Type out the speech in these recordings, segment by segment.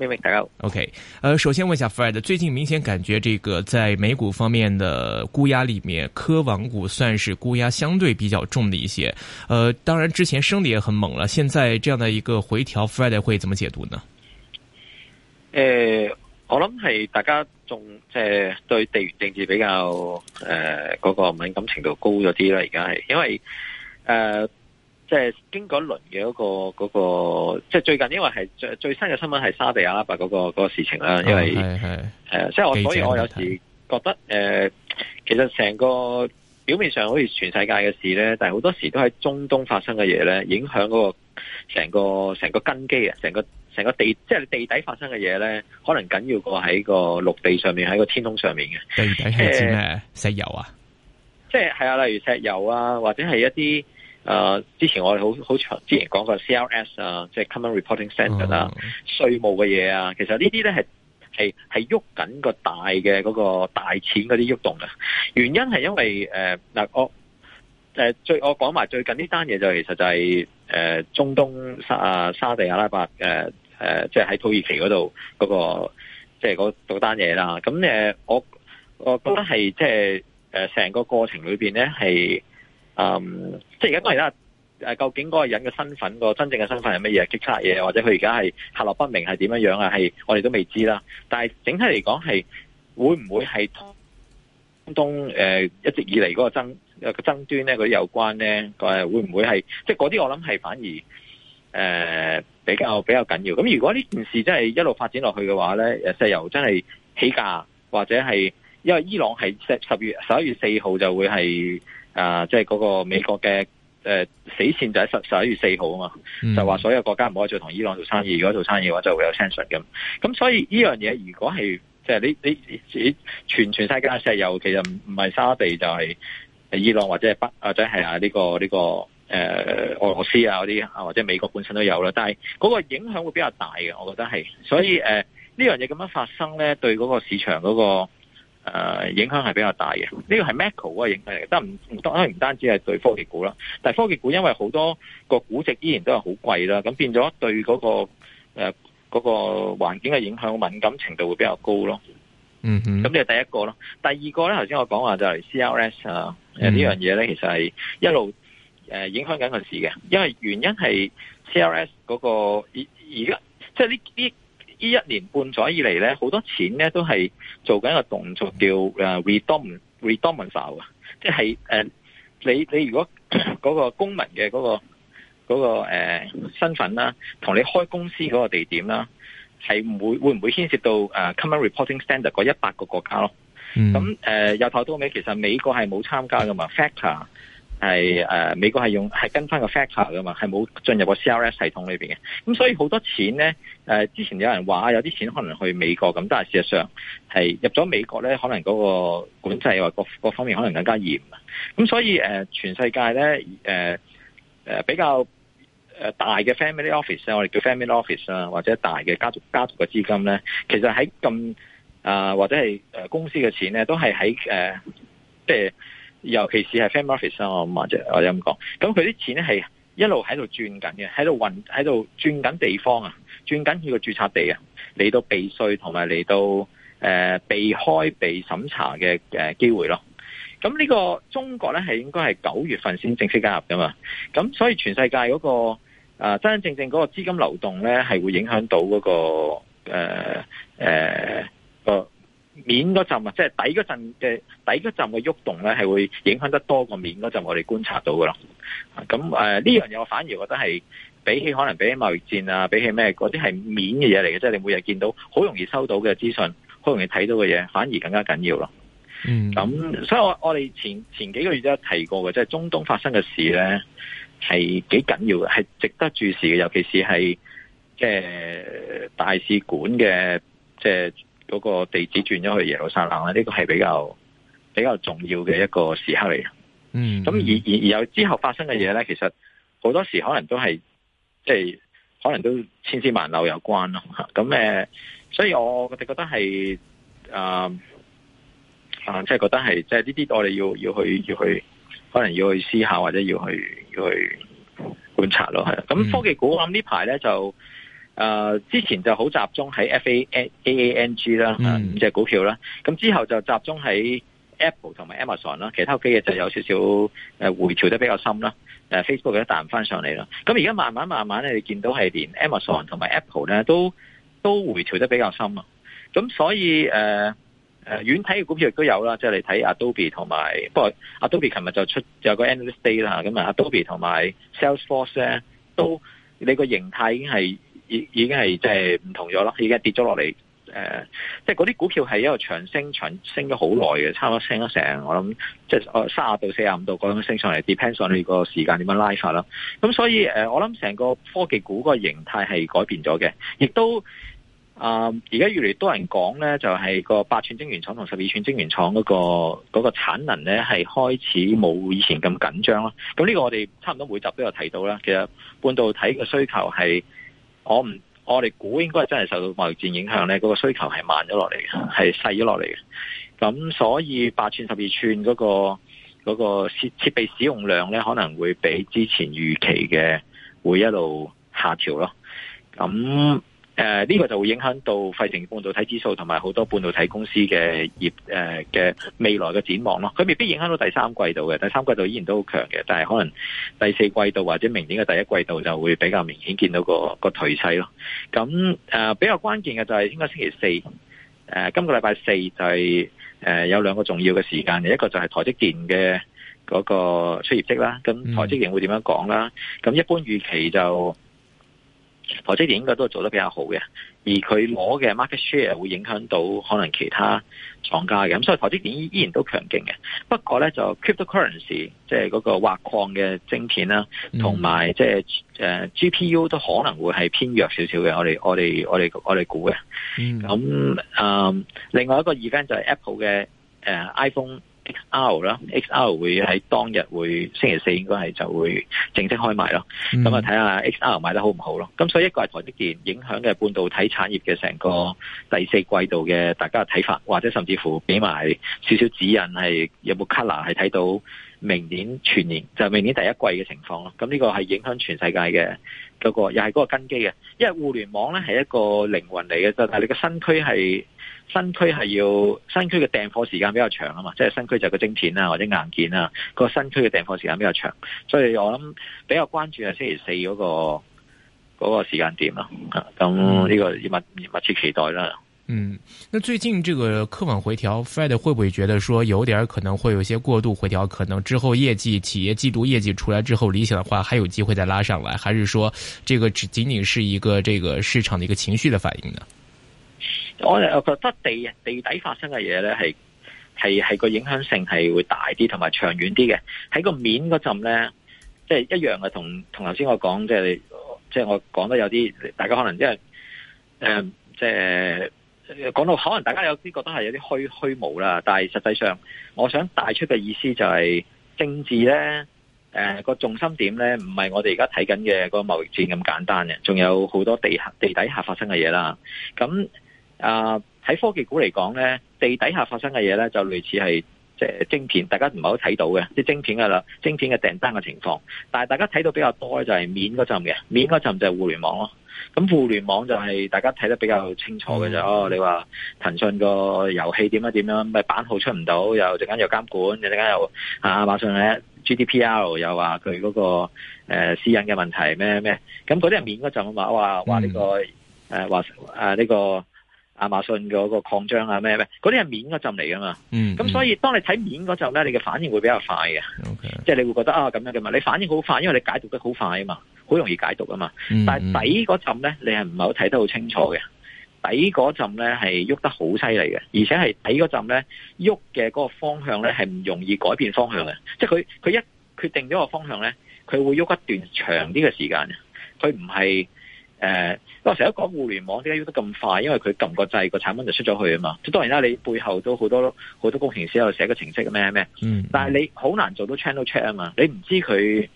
明明，大家 OK。呃，首先問一下 Fred，最近明顯感覺這個在美股方面的估壓裏面，科網股算是估壓相對比較重的一些。呃，當然之前升的也很猛了，現在這樣的一個回調，Fred 會怎麼解讀呢？誒、呃，我諗係大家仲即係對地緣政治比較誒嗰、呃那個敏感程度高咗啲啦，而家係因為誒。呃即係經過一輪嘅嗰個嗰個，即係最近，因為係最最新嘅新聞係沙地阿拉伯嗰個嗰個事情啦。因為係係，即係我所以我有時覺得誒者、呃，其實成個表面上好似全世界嘅事咧，但係好多時都喺中東發生嘅嘢咧，影響嗰個成個成個根基啊，成個成個地，即係地底發生嘅嘢咧，可能緊要過喺個陸地上面喺個天空上面嘅。地底係指咩？呃、石油啊，即係係啊，例如石油啊，或者係一啲。誒、呃，之前我哋好好長之前講過 C R S 啊，即、就、係、是、Common Reporting Centre 啦、啊，稅務嘅嘢啊，其實呢啲咧係係係喐緊個大嘅嗰、那個大錢嗰啲喐動啊。原因係因為誒嗱、呃、我誒、呃、最我講埋最近呢單嘢就其實就係、是、誒、呃、中東沙、啊、沙地阿拉伯誒誒即係喺土耳其嗰度嗰個即係嗰度單嘢啦，咁、那、誒、個就是、我我覺得係即係誒成個過程裏邊咧係。嗯，即係而家我哋啦，誒，究竟嗰個人嘅身份，嗰個真正嘅身份係乜嘢，揭出乜嘢，或者佢而家係下落不明係點樣樣啊？係我哋都未知啦。但係整體嚟講，係會唔會係東東誒、呃，一直以嚟嗰個爭爭端咧，嗰啲有關咧，個會唔會係即係嗰啲？我諗係反而誒、呃、比較比較緊要。咁如果呢件事真係一路發展落去嘅話咧，石油真係起價，或者係因為伊朗係十十月十一月四號就會係。啊，即係嗰個美國嘅、誒、呃、死綫就喺十十一月四號啊嘛，嗯、就話所有國家唔可以再同伊朗做生意，如果做生意嘅話就會有 tension 咁。咁所以呢樣嘢如果係即係你你，你全全世界嘅石油其實唔唔係沙地就係伊朗或者係北或者係啊呢個呢、呢個誒、呃、俄羅斯啊嗰啲啊或者美國本身都有啦，但係嗰個影響會比較大嘅，我覺得係。所以誒呢、呃、樣嘢咁樣發生咧，對嗰個市場嗰、嗰個。誒、啊，影響係比較大嘅，呢、這個係 Macro 嘅影響嚟嘅，但唔唔單唔單止係對科技股啦，但係科技股因為好多個估值依然都係好貴啦，咁變咗對嗰、那個誒嗰、呃那個環境嘅影響敏感程度會比較高咯。嗯嗯咁呢係第一個咯，第二個咧頭先我講話就係 C L S 啊， 嗯、 呢樣嘢咧其實係一路誒、呃、影響緊個市嘅，因為原因係 C L S 嗰、那個而而家即係呢呢。呢一年半載以嚟咧，好多錢咧都係做緊一個動作叫、uh, redom r e d o m n n a l 即係、uh, 你你如果嗰、uh, 個公民嘅嗰、嗰個嗰、嗰個、uh, 身份啦，同你開公司嗰個地點啦，係會會唔會牽涉到、uh, common reporting standard 嗰一百個國家咯？咁誒、嗯 uh, 由頭到尾其實美國係冇參加㗎嘛 factor。係誒、呃，美國係用係跟翻個 factor 噶嘛，係冇進入個 C R S 系統裏邊嘅。咁所以好多錢咧，誒、呃，之前有人話有啲錢可能去美國咁，但係事實上係入咗美國咧，可能嗰個管制或各各方面可能更加嚴。咁所以誒、呃，全世界咧，誒、呃，誒、呃，比較誒大嘅 family office 啊，我哋叫 family office 啊、呃，或者大嘅家族家族嘅資金咧，其實喺咁啊，或者係誒公司嘅錢咧，都係喺誒，即、呃、係。就是尤其是係 family office 啊，我諗或者我咁講，咁佢啲錢係一路喺度轉緊嘅，喺度運，喺度轉緊地方啊，轉緊佢個註冊地啊，嚟到避稅同埋嚟到誒避、呃、開被審查嘅誒、呃、機會咯。咁呢個中國咧係應該係九月份先正式加入噶嘛，咁所以全世界嗰、嗰個真、呃、真正正嗰個資金流動咧係會影響到嗰個誒誒個。呃呃呃面嗰層啊，即係底嗰層嘅底嗰層嘅喐動咧，係會影響得多過面嗰層，我哋觀察到噶喇。咁誒，呢樣嘢我反而覺得係比起可能比起貿易戰啊，比起咩嗰啲係面嘅嘢嚟嘅，即係你每日見到好容易收到嘅資訊，好容易睇到嘅嘢，反而更加緊要咯。嗯，咁所以我我哋前前幾個月都有提過嘅，即係中東發生嘅事咧，係幾緊要嘅，係值得注視嘅，尤其是係即係大使館嘅即係。就是嗰個地址轉咗去耶路撒冷咧，呢個係比較比較重要嘅一個時刻嚟嘅。嗯、mm，咁、hmm. 而而而有之後發生嘅嘢咧，其實好多時可能都係即係可能都千絲萬縷有關咯。咁所以我哋覺得係啊，即、呃、係、就是、覺得係即係呢啲我哋要要去要去，可能要去思考或者要去要去觀察咯。咁、mm hmm. 科技股，我諗呢排咧就。誒、呃、之前就好集中喺 F A A A N G 啦，五隻、mm. 啊、股票啦，咁之後就集中喺 Apple 同埋 Amazon 啦，其他機嘅就有少少回調得比較深啦。呃、Facebook 又彈翻上嚟啦，咁而家慢慢慢慢咧，你見到係連 Amazon 同埋 Apple 咧都都回調得比較深啊。咁所以誒誒遠睇嘅股票亦都有啦，即、就、係、是、你睇 Adobe 同埋，不過 Adobe 琴日就出就有個 Analyst Day 啦，咁啊 Adobe 同埋 Salesforce 咧都你個形態已經係。已已經係即係唔同咗咯，已經跌咗落嚟。誒、呃，即係嗰啲股票係一個長升長升咗好耐嘅，差唔多升咗成。我諗即係卅到四十五度嗰種、那個、升上嚟，depends on 你個時間點樣拉法啦。咁所以誒、呃，我諗成個科技股個形態係改變咗嘅，亦都啊，而、呃、家越嚟越多人講咧，就係、是、個八寸晶圓廠同十二寸晶圓廠嗰個嗰、那個、產能咧，係開始冇以前咁緊張啦。咁呢個我哋差唔多每集都有提到啦。其實半導體嘅需求係。我唔，我哋估應該係真係受到貿易戰影響咧，嗰個需求係慢咗落嚟嘅，係細咗落嚟嘅。咁所以八寸、那個、十二寸嗰個嗰個設設備使用量咧，可能會比之前預期嘅會一路下調咯。咁誒，呢、呃這個就會影響到費城半導體指數同埋好多半導體公司嘅業，誒、呃、嘅未來嘅展望咯。佢未必影響到第三季度嘅，第三季度依然都好強嘅，但係可能第四季度或者明年嘅第一季度就會比較明顯見到個個頹勢咯。咁、呃、誒比較關鍵嘅就係應該星期四，誒、呃、今、這個禮拜四就係、是、誒、呃、有兩個重要嘅時間嘅，一個就係台積電嘅嗰個出業績啦，咁台積電會點樣講啦？咁一般預期就。台積電應該都做得比較好嘅，而佢攞嘅 market share 會影響到可能其他廠家嘅，咁所以台積電依然都強勁嘅。不過咧就 cryptocurrency 即係嗰個挖礦嘅晶片啦，同埋即係 GPU 都可能會係偏弱少少嘅。我哋我哋我哋我哋估嘅。咁、嗯嗯嗯、另外一個 event 就係 Apple 嘅 iPhone。R 啦，X R 會喺當日會星期四應該係就會正式開賣咯，咁啊睇下 X R 買得好唔好咯，咁所以一個係台積電影響嘅半導體產業嘅成個第四季度嘅大家嘅睇法，或者甚至乎俾埋少少指引，係有冇 color 係睇到明年全年就係明年第一季嘅情況咯，咁呢個係影響全世界嘅。嗰個又係嗰個根基嘅，因為互聯網咧係一個靈魂嚟嘅，但係你個新區係新區係要新區嘅訂貨時間比較長啊嘛，即係新區就係個晶片啊或者硬件啊，個新區嘅訂貨時間比較長，所以我諗比較關注係星期四嗰個、嗰個時間點咯，咁呢個要密，密切期待啦。嗯，那最近這個科網回調，Fed 會不會覺得說有點可能會有些過度回調？可能之後業績、企業季度業績出來之後，理想的話還有機會再拉上來，還是說這個只僅僅是一個這個市場的一個情緒的反應呢？我我覺得地地底發生嘅嘢呢係係係個影響性係會大啲，同埋長遠啲嘅。喺個面嗰陣呢即係、就是、一樣嘅，同同頭先我講，即係即係我講得有啲，大家可能因為誒即係。呃就是講到可能大家有啲覺得係有啲虛虛無啦，但係實際上我想帶出嘅意思就係、是、政治呢誒個、呃、重心點呢，唔係我哋而家睇緊嘅個貿易戰咁簡單嘅，仲有好多地下地底下發生嘅嘢啦。咁啊喺科技股嚟講呢，地底下發生嘅嘢呢，就類似係即係晶片，大家唔係好睇到嘅，即係晶片噶啦，晶片嘅訂單嘅情況，但係大家睇到比較多嘅就係面嗰陣嘅，面嗰陣就係互聯網咯。咁互聯網就係大家睇得比較清楚嘅咋。哦、嗯，你話騰訊個遊戲點啊點樣，咪版號出唔到，又陣間又監管，陣間又啊亞馬遜 GDPR 又話佢嗰個誒、呃、私隱嘅問題咩咩，咁嗰啲係面嗰陣、這個嗯、啊嘛，話話呢個誒話誒呢個亞馬遜嗰個擴張啊咩咩，嗰啲係面嗰陣嚟噶嘛，咁、嗯嗯、所以當你睇面嗰陣咧，你嘅反應會比較快嘅，即係 okay. 你會覺得啊咁樣嘅嘛，你反應好快，因為你解讀得好快啊嘛。好容易解讀啊嘛，但係底嗰層咧，你係唔係好睇得好清楚嘅？底嗰層咧，係喐得好犀利嘅，而且係底嗰層咧，喐嘅嗰個方向咧，係唔容易改變方向嘅。即係佢，佢一決定咗個方向咧，佢會喐一段長啲嘅時間。佢唔係誒，我成日講互聯網點解喐得咁快，因為佢撳個掣，個產品就出咗去啊嘛。當然啦，你背後都好多好多工程師喺度寫個程式，咩咩，但係你好難做到 channel check 啊嘛，你唔知佢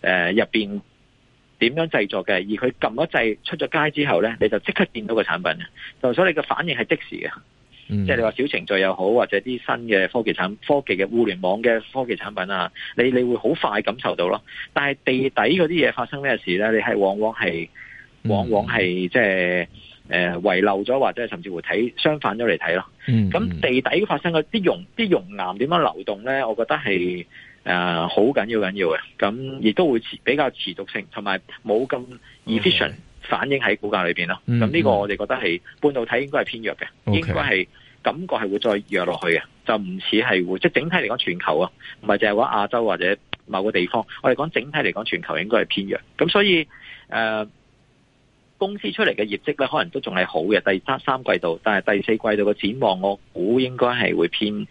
誒入邊。呃點樣製作嘅？而佢撳一掣出咗街之後咧，你就即刻見到個產品嘅，所以你嘅反應係即時嘅。即係你話小程序又好，或者啲新嘅科技產科技嘅互聯網嘅科技產品啊，你你會好快感受到咯。但係地底嗰啲嘢發生咩事咧？你係往往係、嗯、往往係即係誒遺漏咗，或者係甚至乎睇相反咗嚟睇咯。咁地底發生嗰啲熔啲熔岩點樣流動咧？我覺得係。誒，好緊、呃、要緊要嘅，咁、嗯、亦都會持比較持續性，同埋冇咁 efficient Okay. 反映喺股價裏邊咯。咁、嗯、呢、嗯、個我哋覺得係半導體應該係偏弱嘅，Okay. 應該係感覺係會再弱落去嘅，就唔似係會即係整體嚟講全球啊，唔係淨係話亞洲或者某個地方，我哋講整體嚟講全球應該係偏弱。咁、嗯、所以誒、呃，公司出嚟嘅業績咧，可能都仲係好嘅，第三三季度，但係第四季度嘅展望，我估應該係會偏。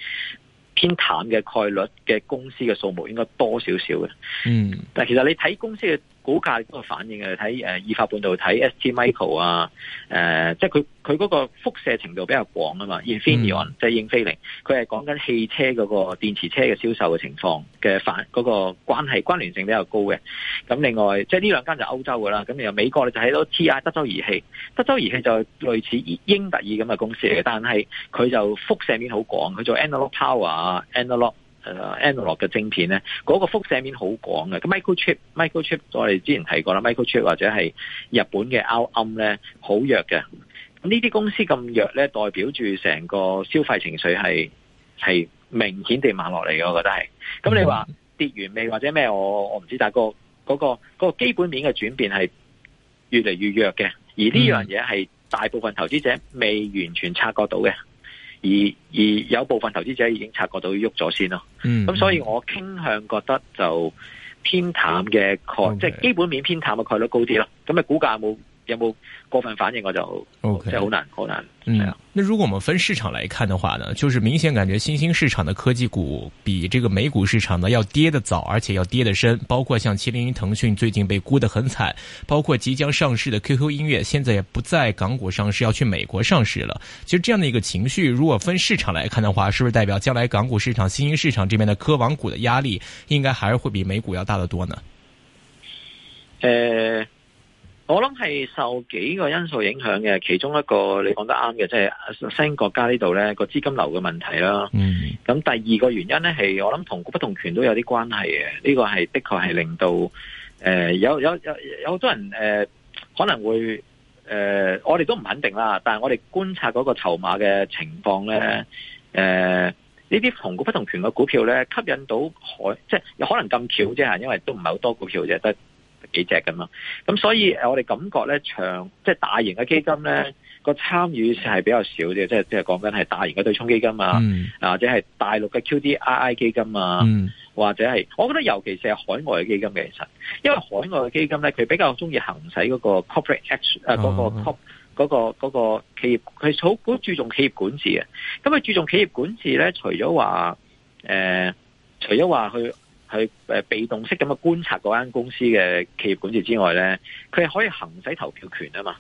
偏淡嘅概率嘅公司嘅數目應該多少少嘅，嗯，但係其實你睇公司嘅股價嗰個反應嘅睇，誒意法半導體、STMicro 啊、呃，誒即係佢佢嗰個輻射程度比較廣啊嘛。Infineon、嗯、即係英飛凌，佢係講緊汽車嗰個電池車嘅銷售嘅情況嘅反嗰、嗰個關係關聯性比較高嘅。咁另外即係呢兩間就歐洲嘅啦，咁然後美國你就睇到 TI 德州儀器，德州儀器就類似英特爾咁嘅公司嚟嘅，但係佢就輻射面好廣，佢做 Analog Power Analog 誒，Analog 嘅晶片咧，嗰個輻射面好廣嘅。咁 Microchip、Microchip 我哋之前提過啦，Microchip 或者係日本嘅 Outum 咧，好弱嘅。咁呢啲公司咁弱咧，代表住成個消費情緒係係明顯地慢落嚟嘅，我覺得係。咁你話跌完未或者咩？我我唔知，但係個嗰個嗰個基本面嘅轉變係越嚟越弱嘅。而呢樣嘢係大部分投資者未完全察覺到嘅。而而有部分投資者已經察覺到喐咗先咯，咁、嗯、所以我傾向覺得就偏淡嘅概，嗯、即係基本面偏淡嘅概率高啲咯，咁嘅、嗯、股價冇有冇過分反應，我就即係好難好難。嗯，那如果我們分市場來看的話呢，就是明顯感覺新興市場的科技股比這個美股市場呢要跌得早，而且要跌得深。包括像麒麟雲、騰訊最近被沽得很慘，包括即將上市的 QQ 音樂，現在也不在港股上市，要去美國上市了。其實這樣的一個情緒，如果分市場來看的話，是不是代表將來港股市場新興市場這邊的科網股的壓力，應該還是會比美股要大得多呢？誒。呃我諗係受幾個因素影響嘅，其中一個你講得啱嘅，即係新興國家呢度呢個資金流嘅問題啦。咁、mm hmm. 第二個原因呢，係我諗同股不同權都有啲關係嘅，呢個係的確係令到誒、呃、有有有有好多人誒、呃、可能會誒、呃，我哋都唔肯定啦。但係我哋觀察嗰個籌碼嘅情況呢，誒呢啲同股不同權嘅股票呢，吸引到海，即係可能咁巧啫，因為都唔係好多股票啫，得。幾隻咁嘛，咁所以誒，我哋感覺咧，長即係大型嘅基金咧，個參與係比較少嘅，即係即係講緊係大型嘅對沖基金啊，嗯、或者係大陸嘅 QDII 基金啊，嗯、或者係，我覺得尤其是係海外嘅基金嘅，其實因為海外嘅基金咧，佢比較中意行使嗰個 corporate action，誒、啊，嗰、啊那個嗰個嗰個企業，佢好好注重企業管治嘅。咁佢注重企業管治咧，除咗話誒，除咗話去。佢誒被動式咁嘅觀察嗰間公司嘅企業管治之外咧，佢係可以行使投票權啊嘛。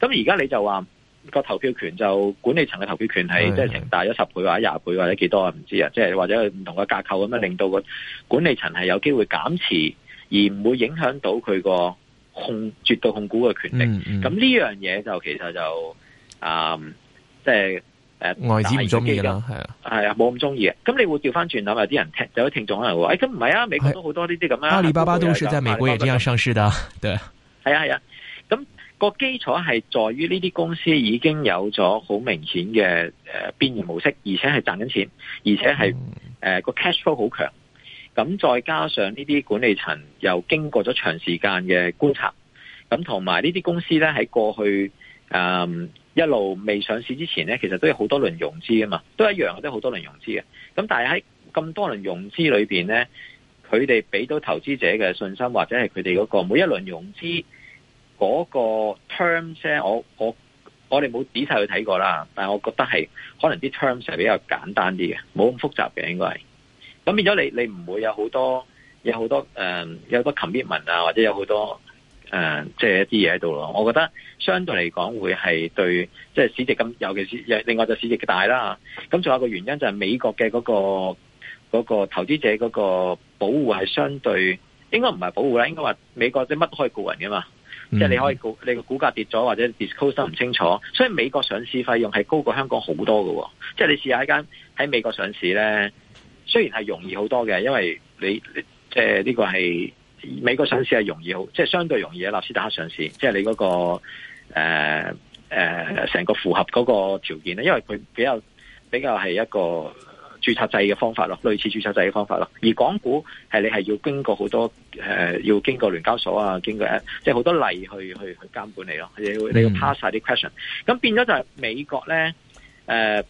咁而家你就話個投票權就管理層嘅投票權係即係成大咗十倍或者廿倍或者幾多啊？我唔知啊，即係或者唔同嘅架構咁樣令到個管理層係有機會減持，而唔會影響到佢個控絕對控股嘅權力。咁呢、嗯嗯、樣嘢就其實就啊、嗯，即係。誒，呃、外資唔中意啦，係啊，係啊的，冇咁中意嘅。咁你會調翻轉諗，有啲人就聽，有啲聽眾可能話，誒、哎，咁唔係啊，美國都好多呢啲咁啊。阿里巴巴都是在美國 A 股上市的。對，係啊係啊。咁個基礎係在於呢啲公司已經有咗好明顯嘅誒變現模式，而且係賺緊錢，而且係誒個 cash flow 好強。咁再加上呢啲管理層又經過咗長時間嘅觀察，咁同埋呢啲公司咧喺過去誒。呃一路未上市之前咧，其實都有好多輪融資噶嘛，都一樣，都好多輪融資嘅。咁但係喺咁多輪融資裏邊咧，佢哋俾到投資者嘅信心，或者係佢哋嗰個每一輪融資嗰個 terms 咧，我我我哋冇仔細去睇過啦。但係我覺得係可能啲 terms 係比較簡單啲嘅，冇咁複雜嘅應該係。咁變咗你，你唔會有好多有好多誒，有好多 commitment 啊，或者有好多。誒，即係、嗯就是、一啲嘢喺度咯。我覺得相對嚟講，會係對即係市值咁，尤其是另外就是市值大啦。咁仲有一個原因就係美國嘅嗰、那個、那個投資者嗰個保護係相對，應該唔係保護啦，應該話美國啲乜都可以告人嘅嘛。即係、嗯、你可以告你個股價跌咗或者 disclosure 唔清楚，所以美國上市費用係高過香港好多嘅、啊。即、就、係、是、你試下一間喺美國上市咧，雖然係容易好多嘅，因為你即係呢個係。美國上市係容易，好即係相對容易喺納斯達克上市，即係你嗰、嗰個誒誒，成、呃呃、個符合嗰個條件咧，因為佢比較比較係一個注冊制嘅方法咯，類似注冊制嘅方法咯。而港股係你係要經過好多誒、呃，要經過聯交所啊，經過即係好多例去去去監管你咯，你要你要 pass 晒啲 question、嗯。咁變咗就係美國咧，誒、呃、誒、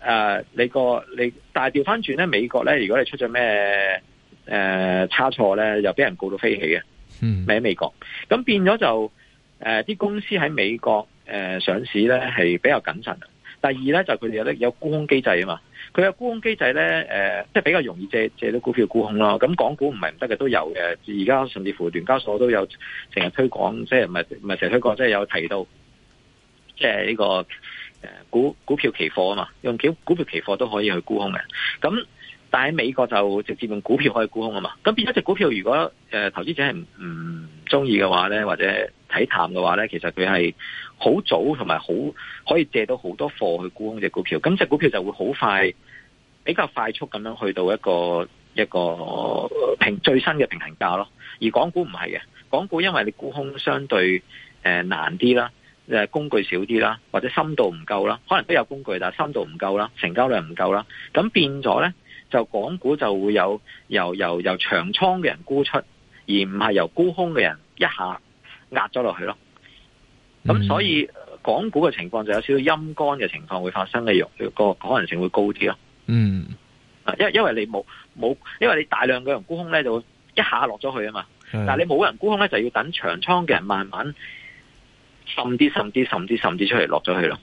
呃，你個你，但係調返轉咧，美國咧，如果你出咗咩？誒、呃，差錯呢又俾人告到飛起嘅，喺、嗯、美國，咁變咗就誒、啲、呃、公司喺美國誒、呃、上市呢係比較謹慎。第二呢就佢哋有啲有沽空機制啊嘛，佢有沽空機制呢，誒、呃，即係比較容易借借到股票沽空咯。咁港股唔係唔得嘅，都有嘅。而家甚至乎聯交所都有成日推廣，即係唔係唔係成日推廣，即係有提到，即係呢、這個誒、呃、股股票期貨啊嘛，用股股票期貨都可以去沽空嘅，咁。但喺美國就直接用股票去沽空啊嘛，咁變咗隻股票，如果、呃、投資者係唔唔中意嘅話咧，或者睇淡嘅話咧，其實佢係好早同埋好可以借到好多貨去沽空隻股票，咁隻股票就會好快比較快速咁樣去到一個一個平最新嘅平衡價咯。而港股唔係嘅，港股因為你沽空相對難啲啦，工具少啲啦，或者深度唔夠啦，可能都有工具，但係深度唔夠啦，成交量唔夠啦，咁變咗咧。就港股就會有由由由長倉嘅人沽出，而唔係由沽空嘅人一下壓咗落去咯。咁所以港股嘅情況就有少少陰乾嘅情況會發生嘅，用個可能性會高啲咯。嗯，啊，因因為你冇冇，因為你大量嘅人沽空咧，就一下落咗去啊嘛。但係你冇人沽空咧，就要等長倉嘅人慢慢滲跌、滲跌、滲跌、滲跌出嚟，落咗去咯。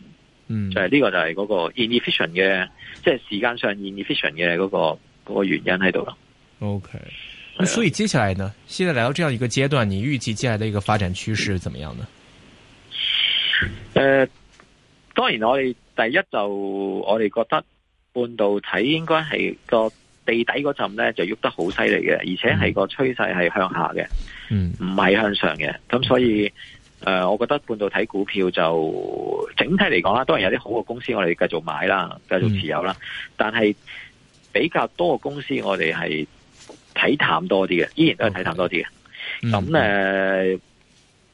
嗯，就係呢個就係嗰個 inefficient 嘅，即、就、係、是、時間上 inefficient 嘅嗰個、那個原因喺度咯。OK，咁所以接下來呢，呢現在來到這樣一個階段，你預計將來的一個發展趨勢怎麼樣呢？誒、嗯呃，當然我哋第一就我哋覺得半導體應該係個地底嗰陣咧就喐得好犀利嘅，而且係個趨勢係向下嘅，嗯，唔係向上嘅。咁所以誒、呃，我覺得半導體股票就。整體嚟講啦，當然有啲好嘅公司我哋繼續買啦，繼續持有啦。嗯、但係比較多嘅公司我哋係睇淡多啲嘅，依然都係睇淡多啲嘅。咁誒、嗯，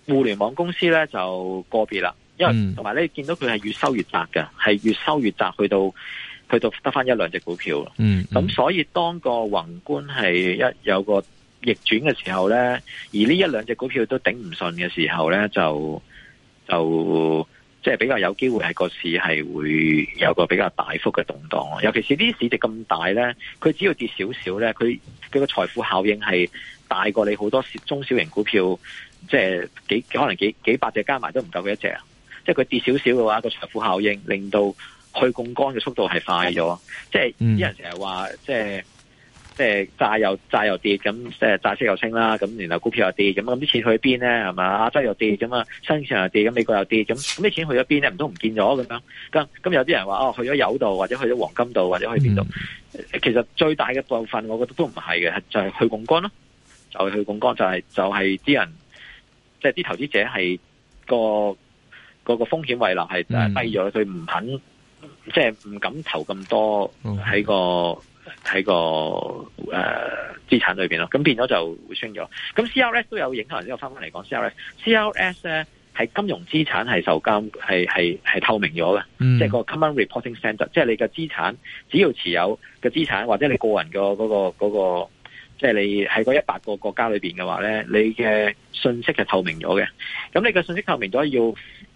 互聯網公司咧就個別啦，因為同埋、嗯、你見到佢係越收越窄嘅，係越收越窄，去到去到得翻一兩隻股票嗯，咁所以當個宏觀係一有個逆轉嘅時候咧，而呢一兩隻股票都頂唔順嘅時候咧，就就。即係比較有機會係個市係會有個比較大幅嘅動盪，尤其是啲市值咁大咧，佢只要跌少少咧，佢佢個財富效應係大過你好多中小型股票，即係幾可能幾幾百隻加埋都唔夠嘅一隻。即係佢跌少少嘅話，個財富效應令到去槓桿嘅速度係快咗。即係啲人成日話，即係。即係債又債又跌，咁即係債息又升啦，咁然後股票又跌，咁咁啲錢去咗邊咧？係嘛，亞、啊、洲又跌，咁啊，新興又跌，咁美國又跌，咁咁啲錢去咗邊咧？唔通唔見咗咁樣？咁咁有啲人話哦，去咗油度，或者去咗黃金度，或者去邊度？嗯、其實最大嘅部分，我覺得都唔係嘅，就係、是、去槓桿咯，就是、去槓桿，就係、是、就係、是、啲人，即係啲投資者係個嗰、那個風險位落係低咗，佢唔、嗯、肯，即係唔敢投咁多喺 okay. 個。喺個誒、呃、資產裏邊咯，咁變咗就會升咗。咁 C R S 都有影響，呢個翻翻嚟講 C R S。C R S 咧係金融資產係受監，係係係透明咗嘅。嗯、即係個 Common Reporting Centre，即係你嘅資產只要持有嘅資產，或者你個人嘅嗰個嗰個，即、那、係、個那個就是，你喺個一百個國家裏邊嘅話咧，你嘅信息係透明咗嘅。咁你嘅信息透明咗，要。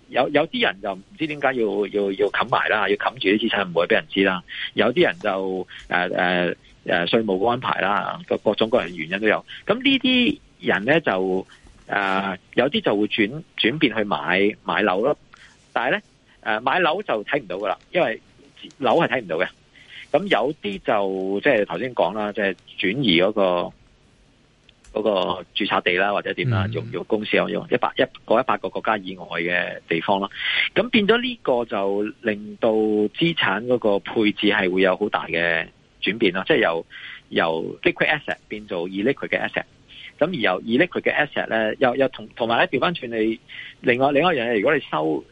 有有啲人就唔知點解要要要冚埋啦，要冚住啲資產唔會俾人知啦。有啲人就誒誒誒稅務安排啦，各各種各樣原因都有。咁呢啲人咧就誒、呃、有啲就會轉轉變去買買樓咯。但係咧誒買樓就睇唔到噶啦，因為樓係睇唔到嘅。咁有啲就即係頭先講啦，即係轉移嗰個。嗰個註冊地啦，或者點啊用用公司用一百一個一百個國家以外嘅地方啦。咁變咗呢個就令到資產嗰個配置係會有好大嘅轉變咯，即係由由 liquid asset 變做 illiquid 嘅 asset，咁而由 illiquid 嘅 asset 咧又又同同埋咧調翻轉你另外另外一樣嘢，如果你收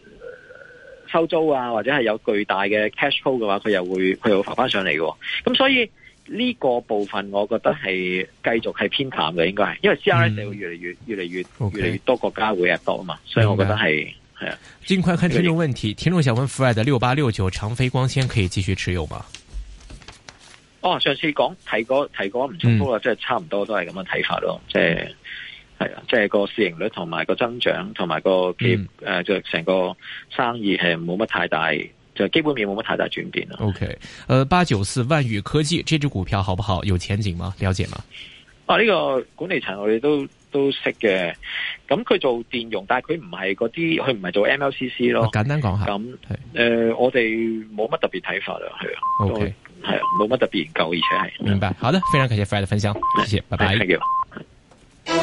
收租啊或者係有巨大嘅 cash flow 嘅話，佢又會佢又會浮翻上嚟嘅，咁所以。呢個部分我覺得係繼續係偏淡嘅，應該係，因為 CRS 會越嚟越、嗯、越嚟越越嚟越，Okay. 越，越多國家會入多啊嘛，所以我覺得係係啊。Okay. 是盡快看聽眾問題，這個、聽眾想問福愛的六八六九長飛光纖可以繼續持有嗎？哦，上次講提過提過唔重複啦，即係差唔多都係咁樣睇法咯，即係係啊，即係個市盈率同埋個增長同埋個企業誒，就成、嗯呃、個生意係冇乜太大。就基本面冇乜太大轉變啦。OK，誒、呃，八九四萬宇科技這隻股票好不好？有前景嗎？了解嗎？啊，呢、這個管理層我哋都都識嘅，咁、嗯、佢做電容，但係佢唔係嗰啲，佢唔係做 MLCC 咯、啊。簡單講下。咁、嗯，誒、嗯呃，我哋冇乜特別睇法啦，係啊。OK，係啊，冇乜特別研究，而且係。明白，好的，非常感謝 Frank 的分享，謝謝，嗯、拜拜。嗯